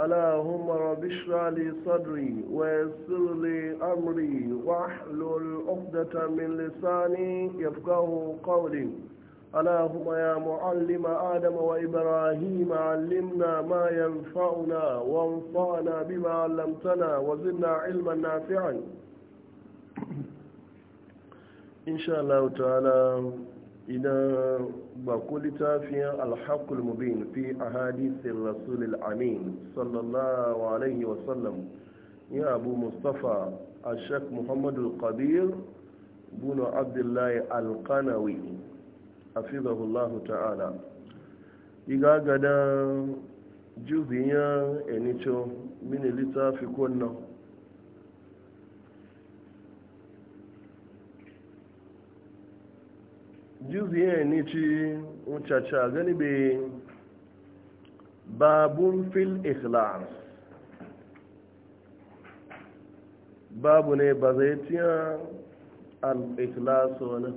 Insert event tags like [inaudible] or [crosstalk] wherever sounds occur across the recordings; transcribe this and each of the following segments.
اللهم رب اشرح لي صدري ويسر لي امري واحلل عقدة من لساني يفقه قولي اللهم يا معلم ادم وابراهيم علمنا ما ينفعنا وانفعنا بما علمتنا وزدنا علما نافعا ان شاء الله تعالى idan ba littafiya littafin alhakul mubin fi a hadisin rasulul amin sallallahu alaihi wasallam ya abu mustapha a shek muhammadu kabir bunu abdullahi alkanawi a fizahullahu ta'ala igagada juziyan enicho mini littafi kunna. jiziye ni ci mucaca gani be babun fil ikhlas babu ne ba zai tiya al-ikhlasu wani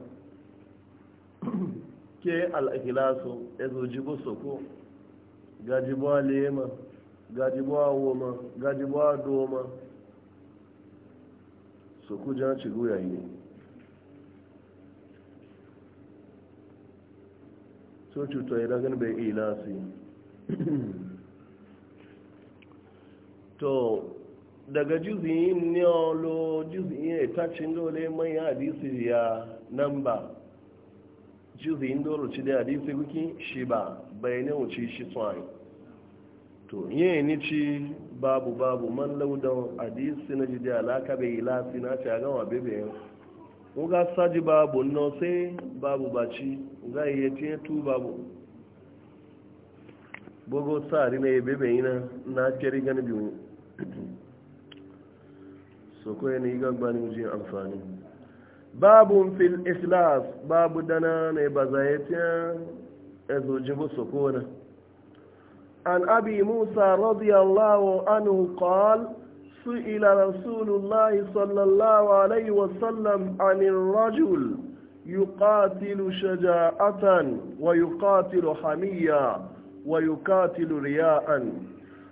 [clears throat] ke al-ikhlasu ya zo jibo soko gajibo lema gajibo woma gajibo doma soko jan ci guyayi ne totu cuta ya dagan bai ilasi to daga juziyin neolo juziyin ya dole mai hadisi ya nan ba juziyin dole ci da hadisi wiki shi ba bai ne wuce shi tsawai to yin ni ci babu babu man laudan hadisi na jide alaka bai ilasi na ci a gama bebe yau ga saji babu no sai babu baci za a iya ce tuba babu. bugu tsari na yabe bai na na kere gani biyu so ko yana yi gagbani wuce amfani babu fil islas babu dana na ba za ya ce ya zoji bu so ko an abi musa radiyallahu anhu qal su رسول الله صلى الله عليه وسلم عن يقاتل شجاعة ويقاتل حمية ويقاتل رياء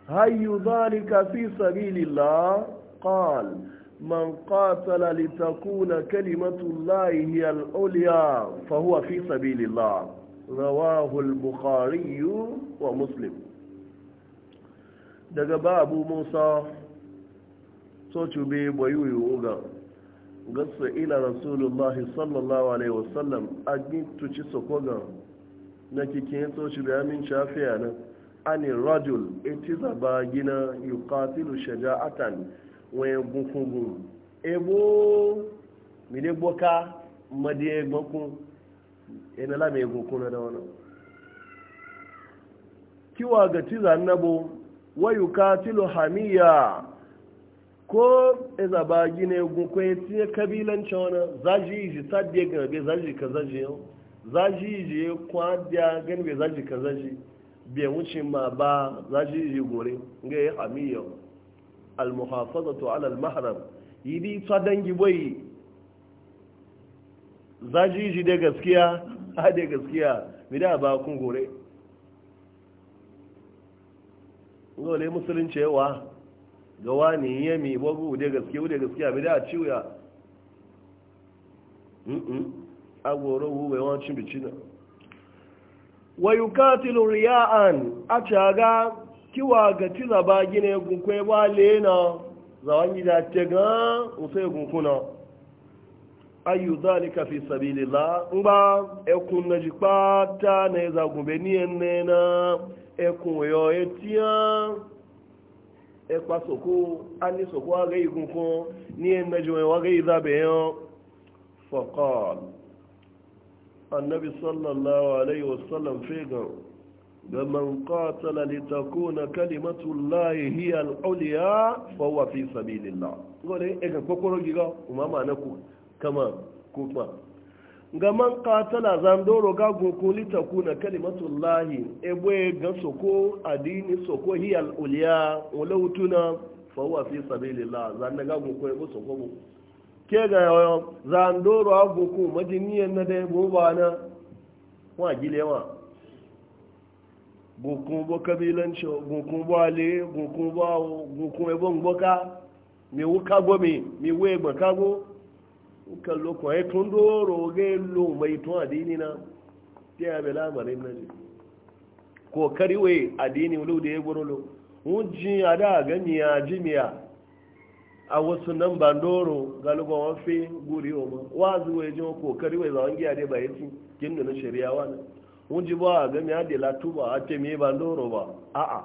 هي ذلك في سبيل الله قال من قاتل لتكون كلمة الله هي العليا فهو في سبيل الله رواه البخاري ومسلم دقباب موسى musa so cube bayuyu gasa ila rasulullahi sallallahu alaihi wasallam a gintuci sokogan na kikin soci da yamin shafiya na ani rajul eti zaba gina yukatilu shaja'atan wayan gunkungun ebo mide boka madiye gbankun ina e lami egunkun da wani kiwa ga tiza nabo wa yukatilu hamiya ko za ba gine gunkwai tiye kabilanci wani zaji yi ji ta biya gana bai zaji ka zaji yau zaji yi ji kwa biya gani bai zaji ka zaji bai wuce ma ba zaji yi ji gore ga yi almuhafaza to ala almahram yi di ta dangi bai zaji yi ji da gaskiya [laughs] a da gaskiya mai da ba kun gore ngole musulunci yawa ga wani yami wagu da gaske wuda gaske abi da ciwya mm agoro wu bai wani cin bicina wa yukatilu riya'an a caga kiwa ga tila ba gina ya gunkwe ba lena zawan gida ta ga usai gunkuna ayu zalika fi sabilillah in ba ekun na jikpata na ya zagumbe ni enne na ekun yo etiyan ẹpa soko ani soko waga igun ko ni en meji wen waga iza be yan faqal annabi sallallahu alaihi wasallam fegan ga man qatala litakuna kalimatu llahi hiya al-ulya fa huwa fi sabilillah ngore e ẹgbẹ́ kokoro giga umama na ku kama kuma ga man katala zan doro ga lita kuna na kalimatullahi ebe ga soko adini soko hiya al-uliya utuna fa huwa fi sabilillah zan ga guku ebe soko mu ke ga zan doro ga goku madiniyan na da bo bana wa gilewa goku bo kabilanci goku bo ale goku bo goku ebe ngoka mi wuka mi we gbakago kallo ko ai tun doro ga lo mai tun adini na ta yabe bela na ji ko kariwe adini lu da ya goro lo a da gani ya miya a wasu nan ba doro galiba wafe guri o ma wazi wai jin ko kariwe za wangi ade ba yaci kin da na shari'a wani unji ba gami ya de latuba a ce me ba doro ba a'a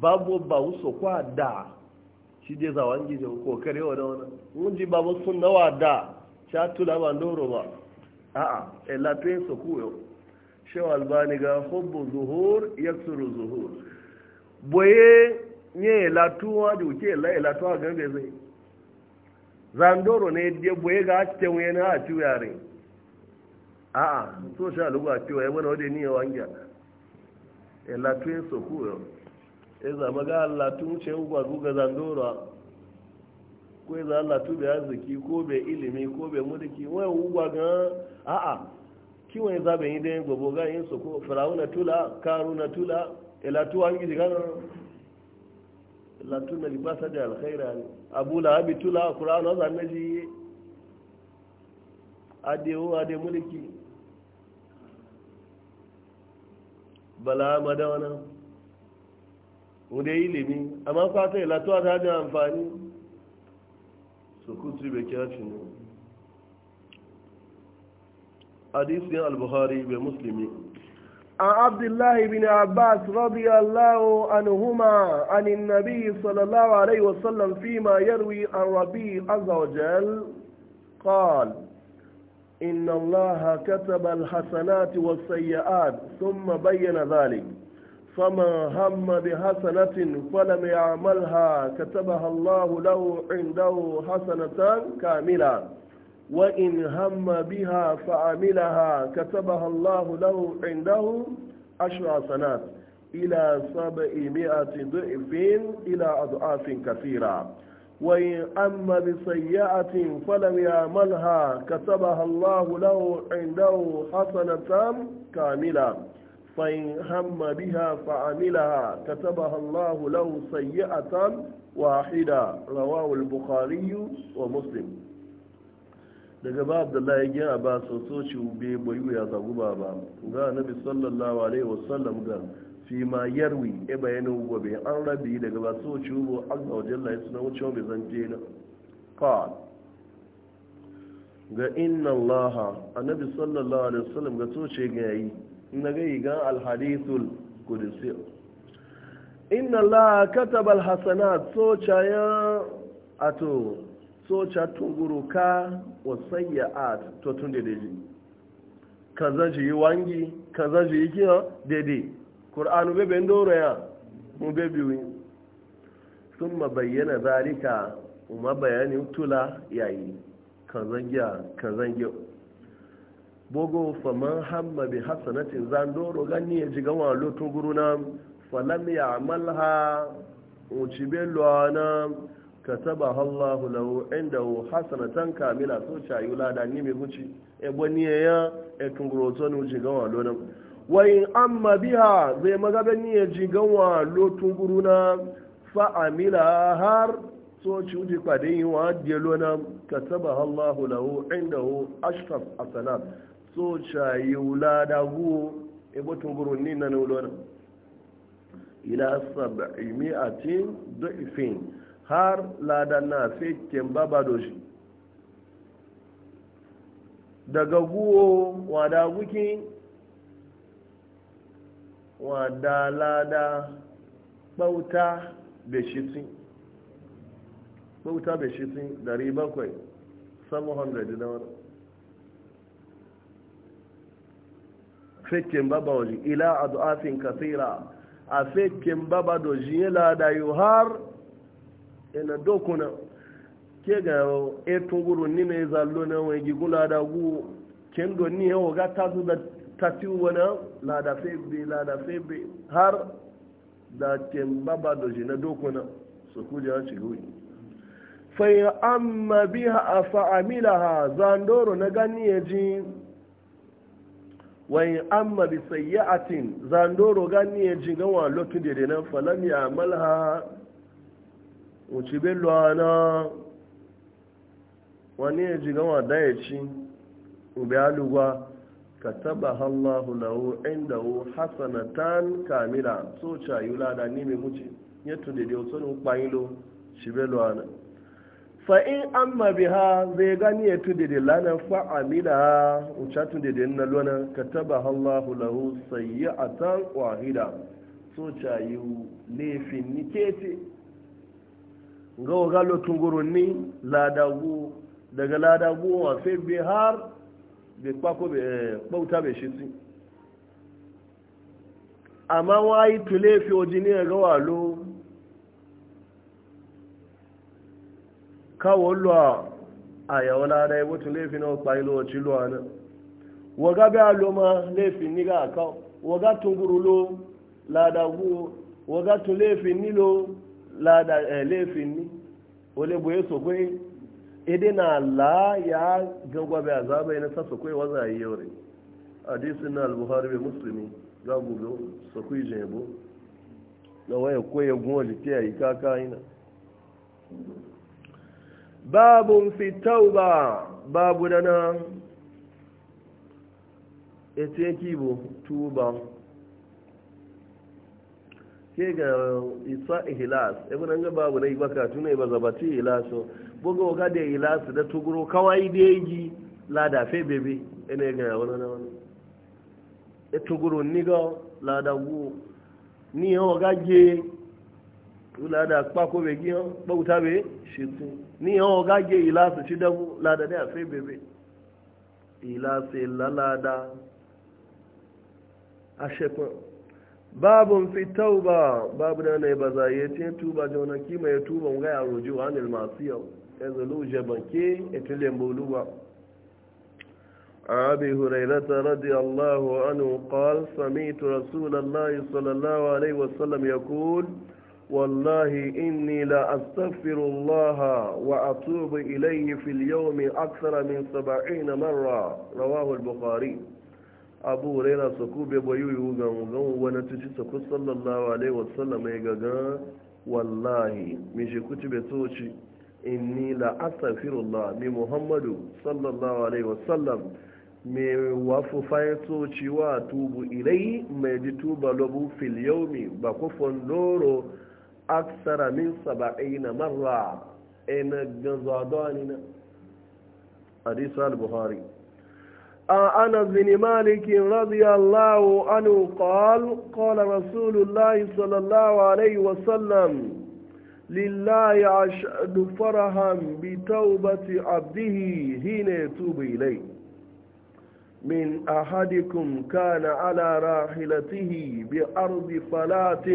babu ba wuso kwa da shi dai zawon gijin kokare wa da wani mun ji babu sun nawa da sha tula ba ndoro ba a'a elatoyin eh, su kuyo shewa albani ga hubbu zuhur ya zuhur boye nye elatuwa da la ela elatuwa gan da zai zandoro ne dai boye ga cikin wani a ciwo yare a'a so sha lugu a ciwo ya wani wadda ni ya wangiya eh, elatoyin su kuyo ya zama ga Allah tun ce ugwa ga zandora ko ya zama Allah tun bai arziki ko bai ilimi ko bai mulki wai ugwa ga a'a kiwon ya zaɓe yi dai gobo ga yin su ko na tula Karu na tula ilatu an gidi gana ilatu na libasa da alkhaira ne abu lahabi tula kuranu wazan na ji adewo ade mulki bala madawana ko dai ilimi amma fata ila to ta da amfani su kutri be kyaci ne hadisi al-bukhari be muslimi عن عبد الله بن عباس رضي الله عنهما عن النبي صلى الله عليه وسلم فيما يروي عن ربي عز وجل قال إن الله كتب الحسنات والسيئات ثم بين ذلك فما هم بحسنة فلم يعملها كتبها الله له عنده حسنة كاملة وإن هم بها فعملها كتبها الله له عنده عشر سنات إلى سبعمائة ضعف إلى أضعاف كثيرة وإن أم بسيئة فلم يعملها كتبها الله له عنده حسنة كاملة فإن هم بها فعملها كتبها الله له سيئة واحدة رواه البخاري ومسلم daga ba abdullahi ya gina ba so ci ube bayu ya zagu ba ba ga nabi sallallahu alaihi wasallam ga fi ma yarwi e bayanin gobe an rabi daga ba so ci ubo azza wa jalla ya suna wucewa mai zance na qal ga inna allaha annabi sallallahu alaihi wasallam ga so ce ga yayi na gai gan alhadisul kudusi inna la kataba alhasanat so caya ato so ca tunguru ka wa sayyi'at to tun da daji kaza ji wangi kaza ji kiyo dede qur'anu be ben doro ya mu be biwi thumma bayyana zalika umma bayani tula yayi kaza giya kaza giya bogo faman hamma bi hasanatin doro gani ya jiga wa loto guruna na falam ya amalha uci bello na kataba Allahu lahu indahu hasanatan kamila so chayu lada ni me guci e boni ya e tunguro to nu jiga wa lona wa in amma biha zai magabe ni ya jiga wa loto guruna. fa amila har so ci uji kwade yi wa dielo lona kataba Allahu lahu indahu ashraf asanat so cayi wula da guwo e batun gurunni na naulona ila sab'i mi'atin da'ifin har lada na fekken baba doshi daga guwo wada wiki wada lada bauta beshitin bauta beshitin 700 700 fekin baba waje ila du'afin kafira a fekin baba da jiyela lada yi har ina dokuna ke ga etun guru ni ne zallo na wani gigula lada gu kendo ni yawo ga tasu da tafi wani lada febe lada febe har da kin baba da jina dokuna su kuje a shiga wuyi fai amma biya a ha zandoro na gani ya ji wani amma bi sayyi'atin zandoro gani ya ji gawa lotu da nan falam ya malha wuce bello ana wani ya ji gawa da ci ube aluwa ka taba hallahu lahu inda hu hasanatan kamila so cayu lada ni mai muci ya tunde da wasu nukpa ilo shi bello ana fa'in an biha zai gani ya tudu da lanar fa'amila wuce tudu da na lona ka taba hallahu lahu sayi a tan wahida so cayi laifin niketi ga wagalo tungurunni ladagu daga ladagu a sai bihar kwako bauta bai shi amma wayi tulefi ojini ga walo kawo lọ a yau lada ibu tun laifin na ọkpa ilo ọchị lọ ana waga bẹ aloma laifin ni ga aka lada guo waga tun laifin nilo lada eh, laifin ni ole bu eso kwe ede na la ya gangwa bẹ azaba yana sa so kwe yi yore hadisin na buhari bẹ muslimi ga gugo so na waya kwe ya gwa yi babun fi tauba babu da na ita yake bu tuba ke ga isa ihilas ibn an ga babu dai baka tunai ba zabati ihlaso bugo ga da ihlas da tuguro kawai da yi lada fe bebe ene ga wani na wani e tuguro ni lada gu ni ho ga je lada pa ko be gi ho bauta be shitin ni yan ogage ila su ci damu lada ne a fe bebe ila se lalada a shekwar babun fi tauba babu da na ba za a yi tin tuba ji wani kima ya tuba ga ya roji wa anil masu yau ya zalu jabanke etilin boluwa abi hurairata radiyallahu anu qal samitu rasulallah sallallahu alaihi wasallam ya kuli والله إني لا wa Atubu وأتوب إليه في اليوم أكثر من سبعين مرة رواه البخاري abu raina sako bai bayu yiwu ga gan wani tuci sako sallallahu alaihi wasallam ya gaga wallahi mi shi kuti bai toci inni la astaghfirullah mi muhammadu sallallahu alaihi wasallam mi wafu fayin toci wa tubu ilai mai ji tuba lobu fil yaumi ba أكثر من سبعين مرة إن جزاداننا حديث البخاري أنا آه، عن أنس بن مالك رضي الله عنه قال قال رسول الله صلى الله عليه وسلم لله أشهد فرحا بتوبة عبده حين يتوب إليه من أحدكم كان على راحلته بأرض فلات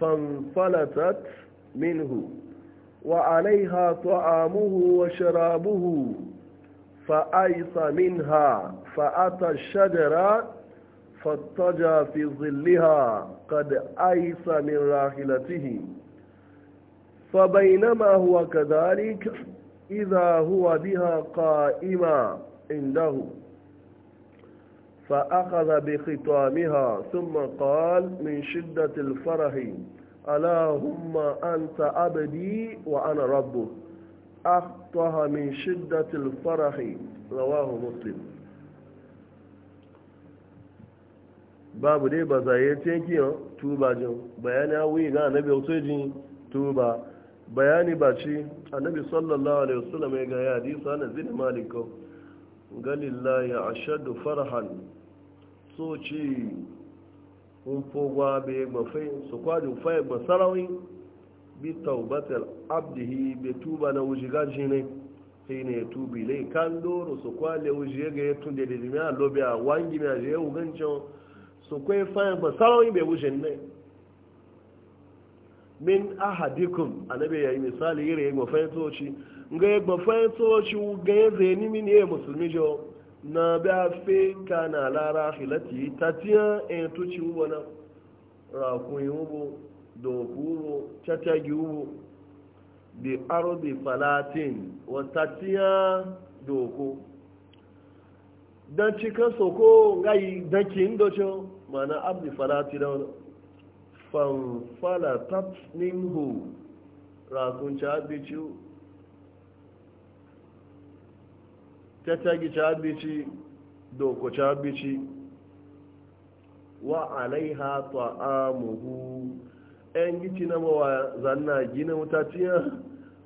فانفلتت منه وعليها طعامه وشرابه فأيس منها فأتى الشجرة فاتجى في ظلها قد أيس من راحلته فبينما هو كذلك إذا هو بها قائما عنده فأخذ بخطامها ثم قال من شدة الفرح ألا هم أنت عبدي وأنا ربه أخطأ من شدة الفرح رواه مسلم باب دي بزايتين كيو توبا جو بياني اوي نا نبي اوتوجي توبا بياني باشي النبي صلى الله عليه وسلم يا حديث انا زين مالكو قال الله يا اشد فرحا soci unfogwa bai gbafai su kwajin fayin masarawin bi taubatar abdihi bai tuba na wujiga ne sai ne tubi lai kan doro su kwale ga ya tunde da jimi a lobe a wangi mai ya wugancin su kwai fayin masarawin bai wujin ne min ahadikun anabe ya yi misali ga ya na ba fe kana lara ta filati tatiya en eh, ci ubo na rakun ubo doku ubo tatagi ubo bi aro bi falatin wa ta tatiya ko dan yi soko ngayi dakin docho mana abdi falati da wani fanfalatat minhu kun ci bi ciwo tattagi cabici doko cabici wa alaiha ta'amuhu ‘yan gici na mawa zanna gina wutatiya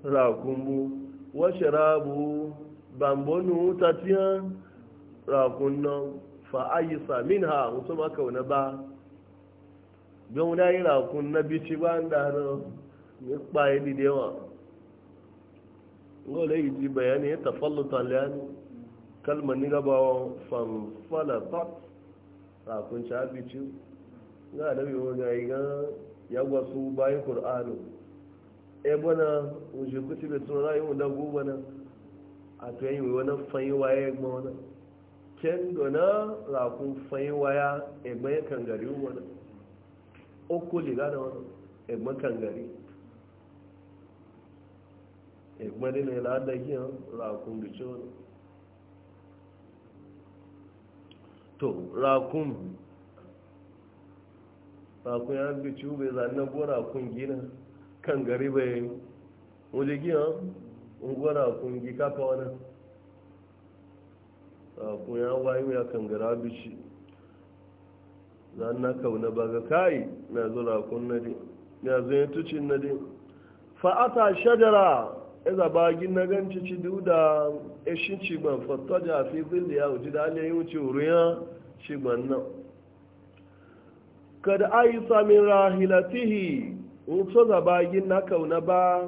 rakunmu wa sharabu bambonu wutatiya rakunnan fa'ayyisa samin ha mutum aka wani ba don wuna yi rakun na bici ba da hannun ya kpaye da yawa ga yi ji bayani ya tafalluta liyani kalmar ni gabawa fanfalatat a kun ci abici ga adabi wani ya yi gan ya gwasu bayan kur'anu e bana wuce kuti bai tun rayu da gobe na a to yi wani fanyi waya ya gba wani ken dona rakun fanyi waya e bayan kangari wani uku liga da wani e bayan kangari e bayan ne la'adda yin rakun bice wani to rakun rakun ya bi ciwo bai zanen bo rakun gina kan gari bai wuje gina unguwa rakun gi kafa wani rakun ya wayo ya kan gara zane na kauna ba ga kai na zo rakun na din ya zo ya tucin na din fa'ata shajara iza bagin na ganci ci duda ishin cigban fattaja fi zilli ya wuce da alayin wuce wuriya cigban nan kada a yi samin rahilatihi wuce za bagin na kauna ba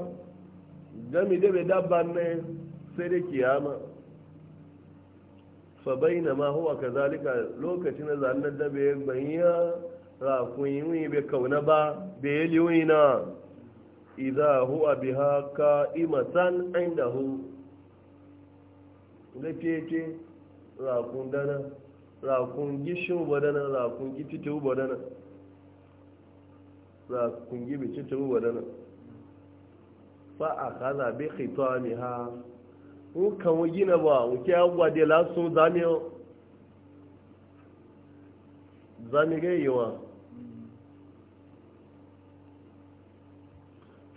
gami dabe dabban ne sai da kiyama fa bayna ma huwa kazalika lokacin da zannan dabe bayan rakun yi bai ba bai yi na idha huwa biha ka qa'imatan indahu lafiyake rakun dana rakun gishin badana rakun gititu badana rakun gibi citu badana fa a akhadha bi khitamiha kan gina ba wuke agwa de lasu zamiyo zamiga yiwa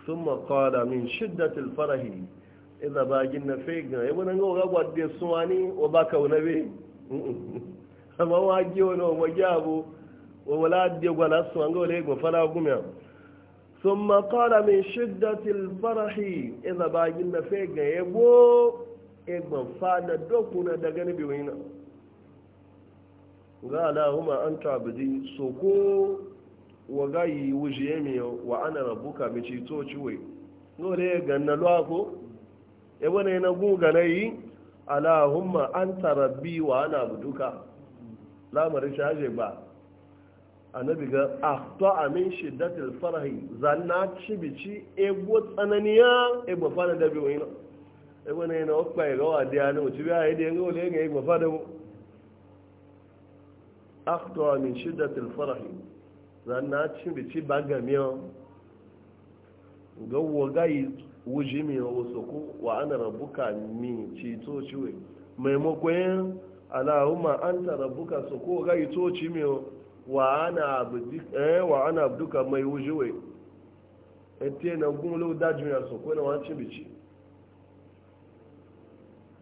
sun makala min shiddatul farahi iza bagin na fegan ya wani gawa gwadde suwa ni wa ba ka wuna be [laughs] amma wa gi wani wa magi abu wa wala de gwala suwa ga wale gwa fara gumiya sun makala min shiddatul farahi iza bagin na fegan ya bo egban fada dokuna daga ni biwina ga alahuma an tabidi so ko wa gayi wuje mi wa ana rabuka mi ci to ciwe no le ganna lo ko e wona na gu ganayi alahumma anta rabbi wa ana abduka lamarin shaje ba annabi ga akhta min shiddatil farahi zanna ci bici e go tsananiya e go fara da bi wayna e wona na okpa e gawa dia na ci ba e de ngo le ga e go fara da akhta amin shiddatil farahi zanna cin bici ba gamiya ga wagayi wuji mi wasu ku wa ana rabuka mi ci to ciwe maimakon alahumma an ta rabuka su ko yi to ci mi wa ana abu eh, duka mai wuji we ete na gumlo dajun ya su ko na wancin bici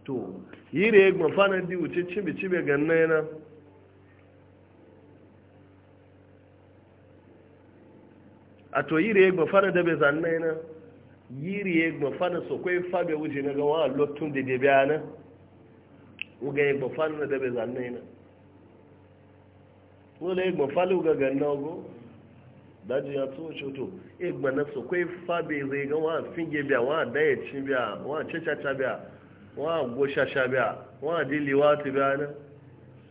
to yi da ya gbafa na di wuce cin bici bai ganna yana a to yiri ya gbafana da bai zanna na yiri ya gbafana so kwai fabe wuce na gawa a lottun da dai biya na uga ya gbafana da bai zanna na wala ya gbafana uga ganna ogo daji ya to shoto na gbana so kwai fabe zai ga wa finge biya wa daya ci biya wa cacaca biya wa goshasha biya wa diliwa ta biya na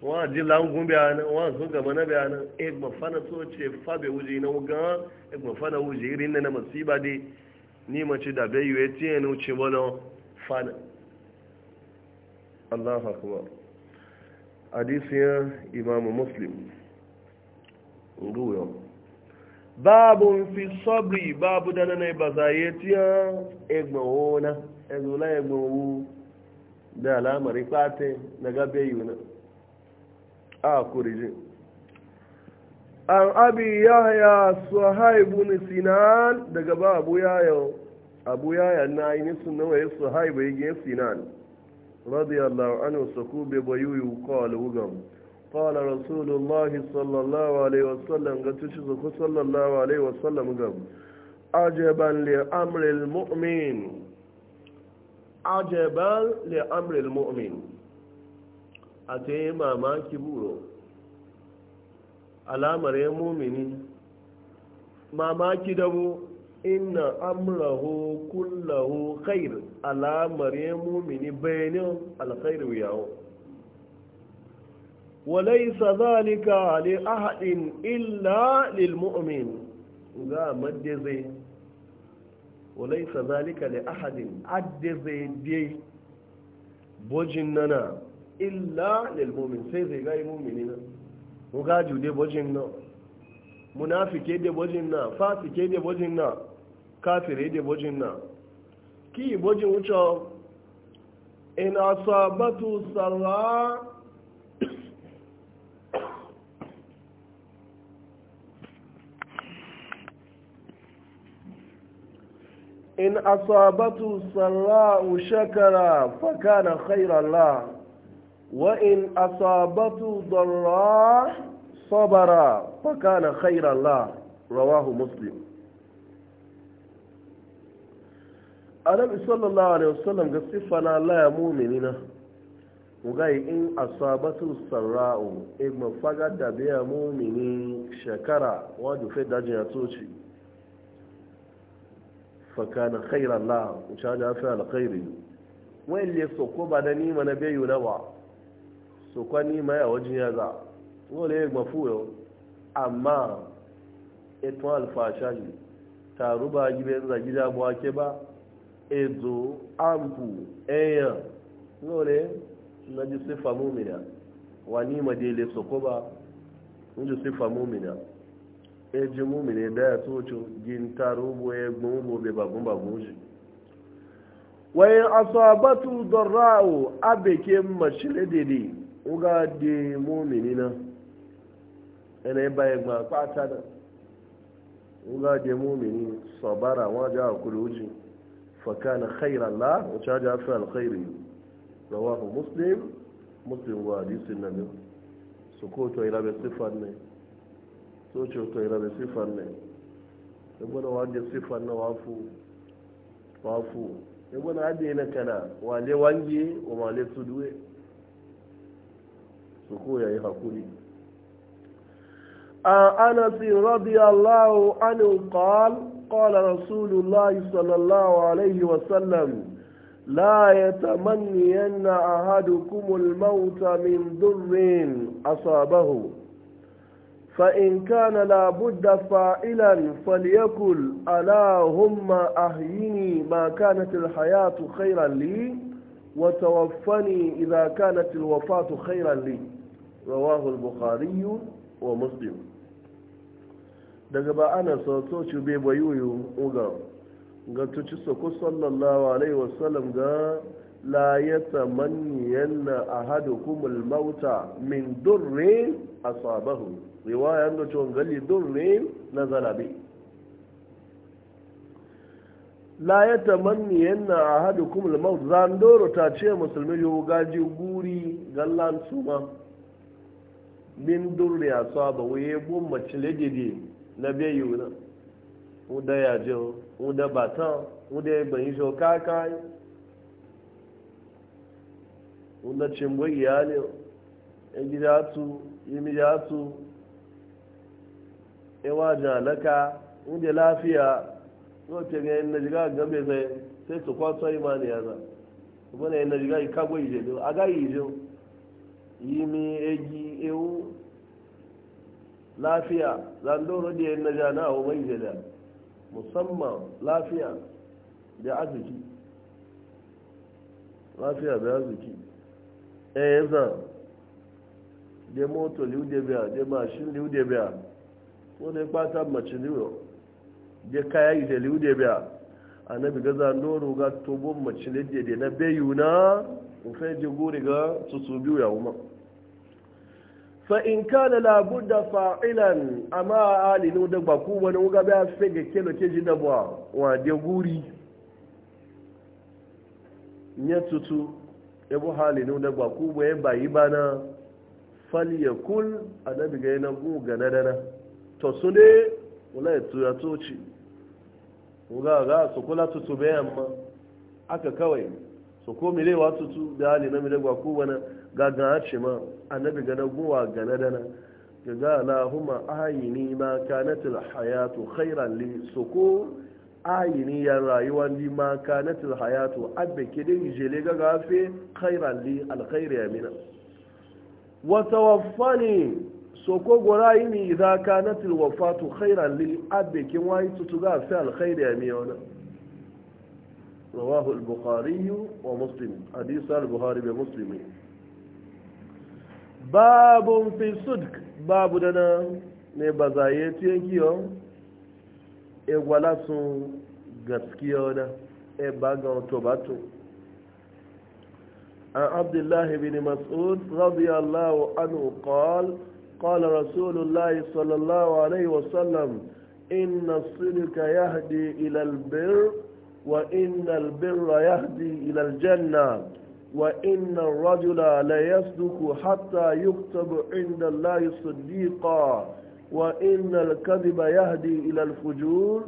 wa ji langun bayana wa sun gaba na bayana e mafana so ce fabe wuje na wuga e mafana wuje irin na masiba dai ni mace da bai yiwu ya tiye ni wuce fana Allah akbar hadisiyan imamu muslim ruwa babu fi sabri babu da na ba za yi tiya egbawo na ezola egbawo da alamari fata na gabe yiwu a an abi yahya suhaib bin sinan daga ba abu yahya abu yahya na yi nisun nawa ya suhaib ya sinan radiyallahu anhu saku be bayuyu qala wugam qala rasulullah sallallahu alaihi wasallam ga tushi zaku sallallahu alaihi wasallam gam ajaban li amri almu'min ajaban li amri almu'min a ta yi mamaki buro alamar ya mumini mamaki dabo inna amrahu kullahu khair alamar ya mumini bayanin alkhairu yawo walaisa zalika li ahadin illa lil mu'min ga madde zai walaisa zalika li ahadin adde zai dai bojin nana illa lil mu'min sai zai ga mu'mini na ko ga jude bojin na munafike de bojin na fasike de bojin na kafire de bojin na ki bojin wucho in asabatu sarra in asabatu sarra shakara kana khairan la. وإن أصابته ضراء صبر فكان خير الله رواه مسلم النبي صلى الله عليه وسلم قد صفنا لا مؤمنين وغاي إن أصابته السراء إما فقد بها مؤمنين شكرا وجفت دجنا توشي فكان خير الله وشاجع فعل خير وإن يسوق بدني من بيو نوع so kwani ya wajen ya za nwere ya gbafu yau amma etu alfasha ne taru ba gibe za gida bu ake ba ezo ampu eya. wale na ji sifa mumina wa ma dele soko ba in ji sifa mumina eji mumina e da ya tocho gintaru bu ya e gbogbo be bagun bagun ji wayan asabatu darra'u abeke mashile dede uga de mumini na ina yi bayan ma kwata na uga sabara wajen hakuri wuce fakana khairan la wuce wajen hafi alkhairi muslim muslim wa hadisin na biyu su ko to irabe siffar ne so ce to irabe wafu wafu ibuna adiyana kana wale wangi wa male su ko ya أنس رضي الله عنه قال قال رسول الله صلى الله عليه وسلم لا يتمنين أحدكم الموت من ضر أصابه فإن كان لابد فائلا فليقل ألا هم أحيني ما كانت الحياة خيرا لي وتوفني إذا كانت الوفاة خيرا لي رواه البخاري ومسلم daga ba ana sauto shi bai bayuyu uga ga tuci sako sallallahu alaihi wasallam ga la yatamanniyanna ahadukum al-mauta min durrin asabahu riwaya ndo chongali durrin nazala la ya tamanni yana a hadu kuma lamar zandoro ta ce musulmi yau gaji guri gallan suma min durri a saba waye bun mace legede na biyu na wuda ya ji uda batan wuda ya bayi so kakai wuda cin gwai ya gida su yi ya su wajen alaka wuda lafiya na wace ga yin najiga gambe zai sai su kwaso imani ya za kuma na yin najiga yi kagbo ije do a ga ije yi mi eji ewu lafiya zandoro da yin najiga na abu mai ije da musamman lafiya da arziki lafiya da arziki eh zan de moto liu de biya de mashin liu de biya ko ne fata mace liu da kaya yi da liyu da biya annabi gaza noro ga tobon mace da da na bayu na ofai ji gore ga su su biyu ya umar fa in ka da labu da fa'ilan a alinu da ba wani wuga ba sai ga kelo ke ji dabuwa ba wa da guri ya tutu ya bu halinu da ba bai ba ba yi bana falyakul annabi ga yana gu ganadana to su ne wala ya tuya toci ga ga su kula tutu bayan ma aka kawai su ko milewa tutu da hali na milegwa ko wani gagan ce ma annabi gana guwa gana dana ga ga lahuma ayini ma kanatul hayatu khairan li su ko ayini ya rayuwa ni ma kanatul hayatu abbe ke dai jele ga gafe khairan li alkhairi ya mina wa tawaffani soko gora yi mi idza kanat alwafatu khairan lil abi kin wayi tutuga fi alkhairi ya mi wala rawahu al-bukhari wa muslim hadith al-bukhari bi muslim babun fi sudk babu dana ne bazaye tiyankiyo e gwala sun gaskiya na e baga to batu an abdullahi bin mas'ud radiyallahu anhu qala قال رسول الله صلى الله عليه وسلم إن الصدق يهدي إلى البر وإن البر يهدي إلى الجنة وإن الرجل يصدق حتى يكتب عند الله صديقا وإن الكذب يهدي إلى الفجور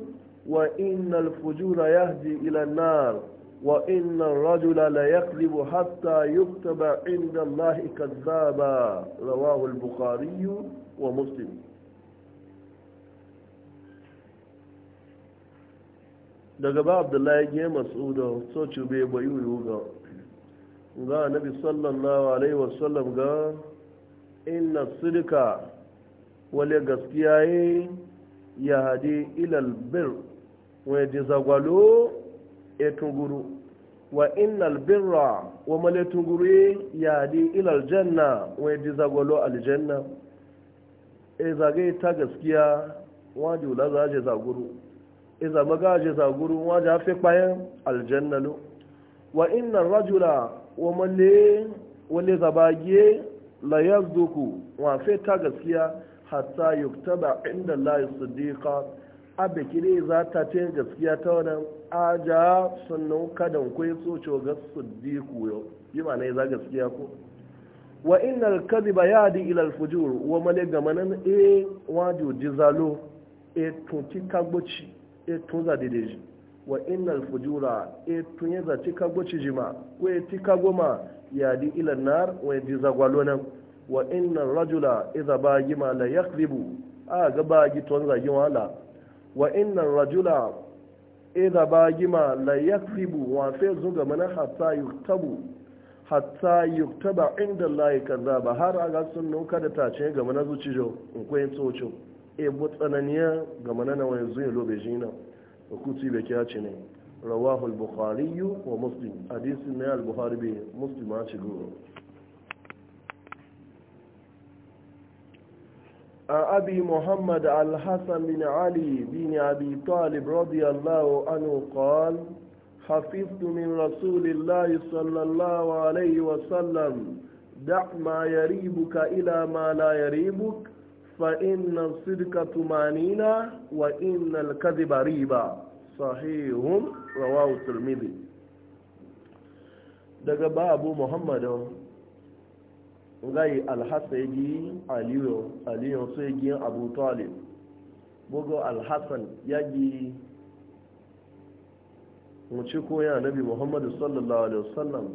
وإن الفجور يهدي إلى النار وإن الرجل لا يكذب حتى يكتب عند الله كذابا رواه البخاري ومسلم daga ba abdullahi ya masuda so bai bayu yuga ga annabi sallallahu alaihi wasallam ga inna sidika wale gaskiya ya hadi ilal bir wani jizagwalo etunguru wa innal birra wa male tunguru yadi ilal janna wa dizagolo aljanna e zage ta gaskiya waje la zaje zaguru e za magaje zaguru waje afi kwaye aljanna lo wa innal rajula wa male wale zabage la yazduku wa fe ta gaskiya hatta yuktaba inda allahi siddiqa abe kire za ta ce gaskiya ta wannan aja sannan kadan kwai so ce ga siddiku yau yi ma za gaskiya ko wa innal kadhiba yadi ila al fujur wa male gamanan e eh, wajo jizalo e tun ti kagboci e tun za dedeji wa innal fujura e tun ya za ti kagboci jima ko e ti kagoma yadi ila nar wa jizagwalo nan wa innal rajula idza e bagima la yakribu a ga bagi tun zagi wala wa inna rajula idha bagima la yaktibu wa fi zuga mana hatta yuktabu hatta yuktaba inda Allah kazaba har aga sunnu kada ta ce ga mana jo in yin tsocho e butsananiya tsananiya ga mana na wani zuwa lobe jina hukunci bai kiya ce ne rawahul bukhari wa muslim hadisin ne al-bukhari bi muslim ma ci goro a abi muhammad al-hassan bin ali bin abi talib radiyallahu anhu qal hafiztu min rasulillahi sallallahu alayhi wa sallam da' yaribuka ila ma la yaribuk fa inna sidka tumanina wa inna al-kadhiba riba sahihun rawahu tirmidhi daga babu muhammad. ngai alhassa yagi aliyu aliyu su yagi abu talib bugu alhassan yagi mace koya nabi muhammadu sallallahu alaihi wasallam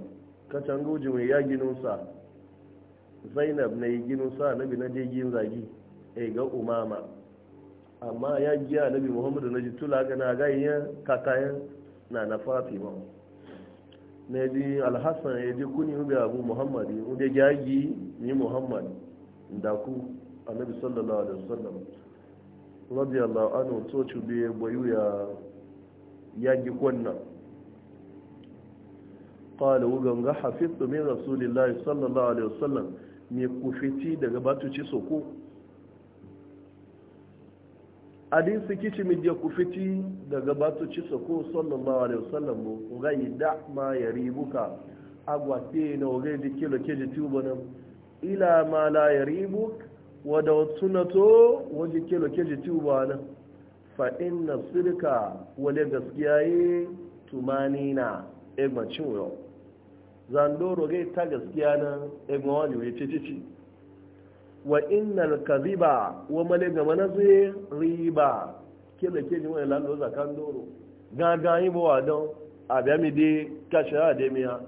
kacan guji mai ya ginusa zainab na yi ginusa nabi na je gin zagi e ga umama amma ya giya nabi muhammadu na ji tula gana gayen kakayen na na fatima na ji alhassan ya ji kuni ube abu muhammadi inda gyagi ni muhammad da ku annabi sallallahu alaihi wasallam radiyallahu anhu to cube bayu ya yagi kwanna qala ugan ganga hafiztu min rasulillahi sallallahu alaihi wasallam me fiti daga ci soko hadisi kici mi je ku fiti daga batu ci ko sallallahu alaihi wasallam mu gai da ma yaribuka agwa te na gai di kilo keji tuba nan ila ma la yaribuk wa da sunato waje kilo keji tuba nan fa inna sirka le gaskiya yi tumanina egma cin yau zandoro gai ta gaskiya nan egma wani wai ce ce wa innal kadhiba wa malaga manazi riba kele ke ni wani lalo kandoro doro gangan yi bo adon abiyami de kashi a de miya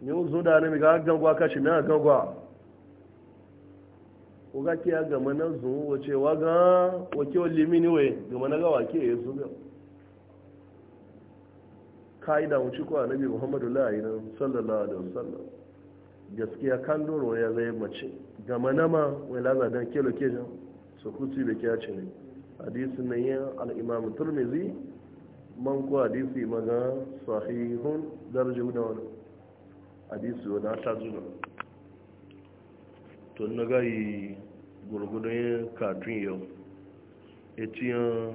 ni o ne mi ga gangwa kashi mi a gangwa o ga ke ga manazun o ce wa ga o ke o limini we ga wa ke yesu ga kaida mu ko annabi muhammadu la ilaha illallah sallallahu alaihi wasallam gaskiya kan ya zai mace gama nama wai don kelo kejan su kutu da kya ce ne hadisi na yin al'imamu turmizi man ko hadisi maga sahihun darje da wani hadisi wani ta zuwa to na gayi gurgudun katun yau etiyan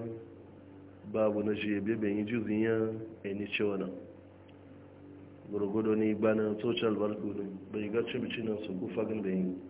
babu na shi bebe yi jizin yin eni cewa nan gurgudu ni bana social barkudu bai ga cimici su gufa gan yi